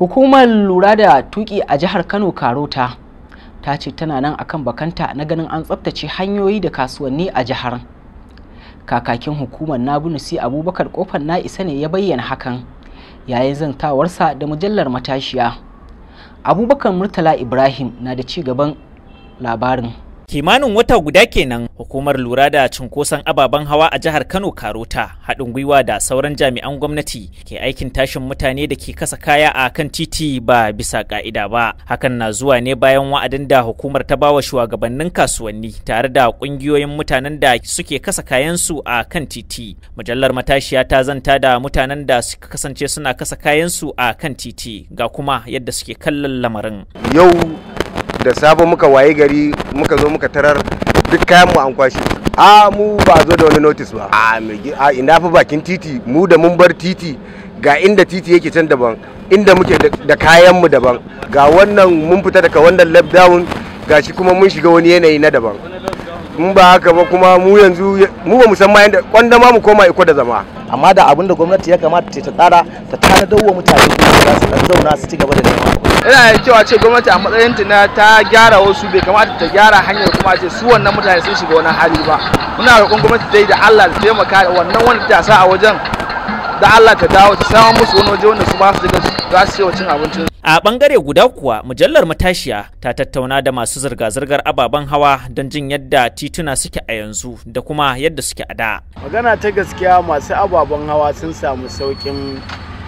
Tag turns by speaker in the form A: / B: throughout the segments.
A: hukumar lura da tuki a jihar kano karota ta ce tana nan akan bakanta na ganin an tsabtace hanyoyi da kasuwanni a jihar kakakin hukumar nabunusi abubakar kofar na isa ne ya bayyana hakan yayin zantawarsa da mujallar matashiya abubakar murtala ibrahim na da ci gaban labarin kimanin wata guda kenan hukumar lura da cunkoson ababen
B: hawa a jihar kano karota haɗin gwiwa da sauran jami'an gwamnati ke aikin tashin mutane da ke kasa kaya a kan titi ba bisa ka'ida ba hakan na zuwa ne bayan wa'adin da hukumar ta bawa shugabannin kasuwanni tare da ƙungiyoyin mutanen da suke kasa kayansu a kan titi mujallar matashiya ta zanta da mutanen da suka kasance suna kasa kayansu a kan titi ga kuma yadda suke kallon lamarin
C: yau da safe muka waye gari muka zo muka tarar duk kayan mu an kwashi a mu ba zo da wani notice ba a a ina fa bakin titi mu da mun bar titi ga inda titi yake can daban inda muke da kayan mu daban ga wannan mun fita daga wannan lockdown gashi kuma mun shiga wani yanayi na daban mun ba haka ba kuma mu yanzu mu ba mu san ma yanda kwanda ma mu koma iko da zama amma da abin da gwamnati ya kamata ta ta tsara ta tanadar wa mutane
B: da su dan zauna su ci gaba da neman ina da kyau ce gwamnati a matsayin ta ta gyara wasu
A: bai kamata ta gyara hanyar kuma ce su wannan mutane sun shiga wani hali ba muna roƙon gwamnati dai da Allah ta taimaka wannan wanda ta sa a wajen da Allah ta dawo ta samu musu wani waje wanda su ba
B: su su za su yi wa cin abincin a bangare guda kuwa mujallar matashiya ta tattauna da masu zirga-zirgar ababen hawa don jin yadda tituna suke a yanzu da kuma yadda suke a da
A: magana ta gaskiya masu ababen hawa sun samu sauƙin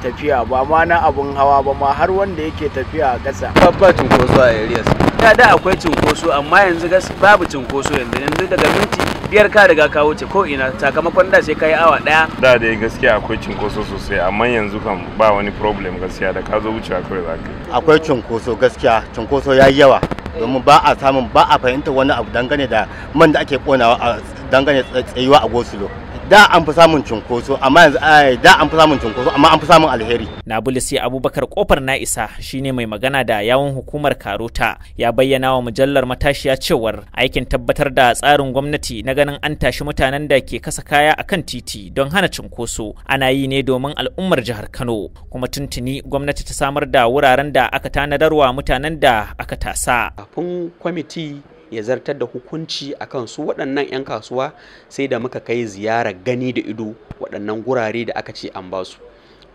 A: tafiya ba ma na abun hawa ba ma har wanda yake tafiya a ƙasa.
B: Babba cinkoso a areas. Ya da akwai cinkoso amma yanzu babu cinkoso yanzu yanzu daga minti biyar ka riga ka wuce ko ina sakamakon da sai ka yi awa ɗaya.
A: Da dai gaskiya akwai cinkoso sosai amma yanzu kan ba wani problem
C: gaskiya da ka zo wucewa kawai za ka Akwai cinkoso gaskiya cinkoso ya yi yawa domin ba a samun ba a fahimtar wani abu dangane da man da ake konawa a dangane tsayuwa a gosulo.
B: da an fi samun cunkoso amma yanzu eh, da an fi samun cunkoso amma an fi samun alheri nabulisi abubakar kofar Na'isa shine mai magana da yawon hukumar karota ya bayyana wa mujallar matashiya cewar aikin tabbatar da tsarin gwamnati na ganin an tashi mutanen da ke kasa kaya akan titi don hana cunkoso ana yi ne domin al'ummar jihar kano kuma tuntuni gwamnati ta samar da wuraren da aka tanadarwa mutanen da aka tasa kafin
C: kwamiti ya zartar da hukunci akan su waɗannan 'yan kasuwa sai da muka kai ziyara gani da ido waɗannan gurare da aka ce an basu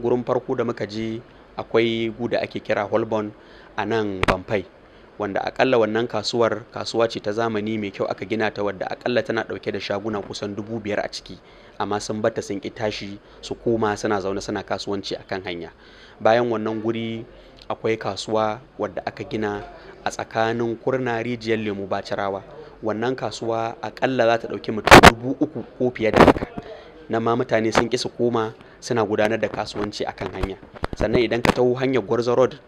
C: gurin farko da muka je akwai guda ake kira holborn a nan bamfai wanda akalla wannan kasuwar kasuwa ce ta zamani mai kyau aka gina ta wadda akalla tana ɗauke da shaguna kusan dubu biyar a ciki amma sun bata sun ki tashi su koma suna zaune suna kasuwanci akan hanya bayan wannan guri akwai kasuwa wadda aka gina a tsakanin kurna rijiyar lemu carawa. wannan kasuwa akalla za ta ɗauki mutum dubu uku ko fiye da haka na ma mutane sun ƙi su koma suna gudanar da kasuwanci akan hanya sannan idan ka taho hanyar gwarzo road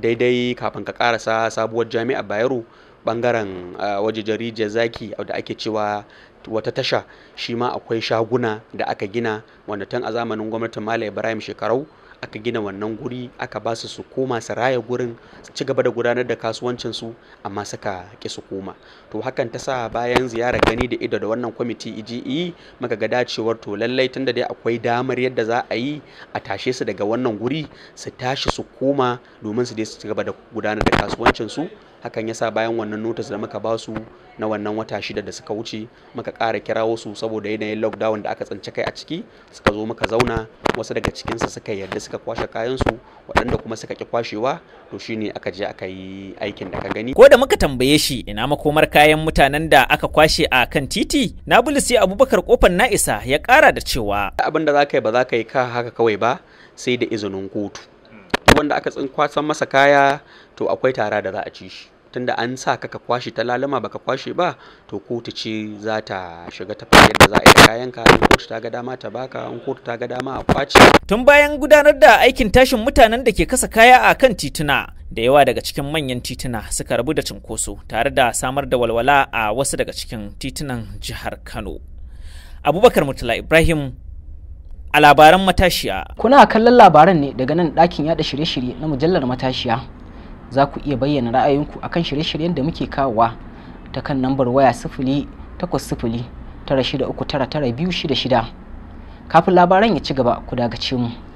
C: daidai kafin ka karasa sabuwar jami'ar bayero bangaren wajejen rijiyar zaki da ake cewa wata tasha shi ma akwai shaguna da aka gina wanda tun a zamanin gwamnatin malam ibrahim shekarau aka gina wannan guri aka ba su su koma su raya gurin su ci gaba da gudanar da kasuwancin su amma suka ƙi su koma to hakan ta sa bayan ziyarar gani da ido da wannan kwamiti iji e e, muka ga dacewar to lallai tun da dai akwai damar yadda za a yi a tashe su daga wannan guri su tashi su koma domin su dai su ci gaba da gudanar da kasuwancin su hakan yasa bayan wannan notis da muka ba su na wannan wata shida da suka wuce muka kara kirawo su saboda yanayin lockdown da aka tsinci kai a ciki suka zo muka zauna wasu daga cikin su suka yarda suka kwashe kayansu
B: waɗanda kuma suka ki kwashewa to shine aka je aka yi aikin da ka gani ko da muka tambaye shi ina makomar kayan mutanen da aka kwashe a kan titi na sai abubakar kofar na'isa ya ƙara da cewa abin da za ka yi ba za ka yi ka haka kawai ba sai da izinin kotu
C: wanda aka tsin kwasan masa kaya to akwai tara da za a ci shi tunda an sa ka ka kwashe ta lalama baka kwashe ba to kotu ce za ta shiga ta da za a yi kayan ka in kotu ta ga dama ta baka in kotu ta ga dama a kwace
B: tun bayan gudanar da aikin tashin mutanen da ke kasa kaya a kan tituna da yawa daga cikin manyan tituna suka rabu da cinkoso tare da samar da walwala a wasu daga cikin titunan jihar Kano Abubakar Murtala Ibrahim a labaran matashiya.
A: Kuna kallon labaran ne daga nan ɗakin yada shirye-shirye na mujallar matashiya. Za ku iya bayyana ra'ayinku akan shirye-shiryen da muke kawowa ta kan nambar waya sifili takwas sifili tara shida uku tara tara biyu shida shida. Kafin labaran ya ci gaba ku dagace mu.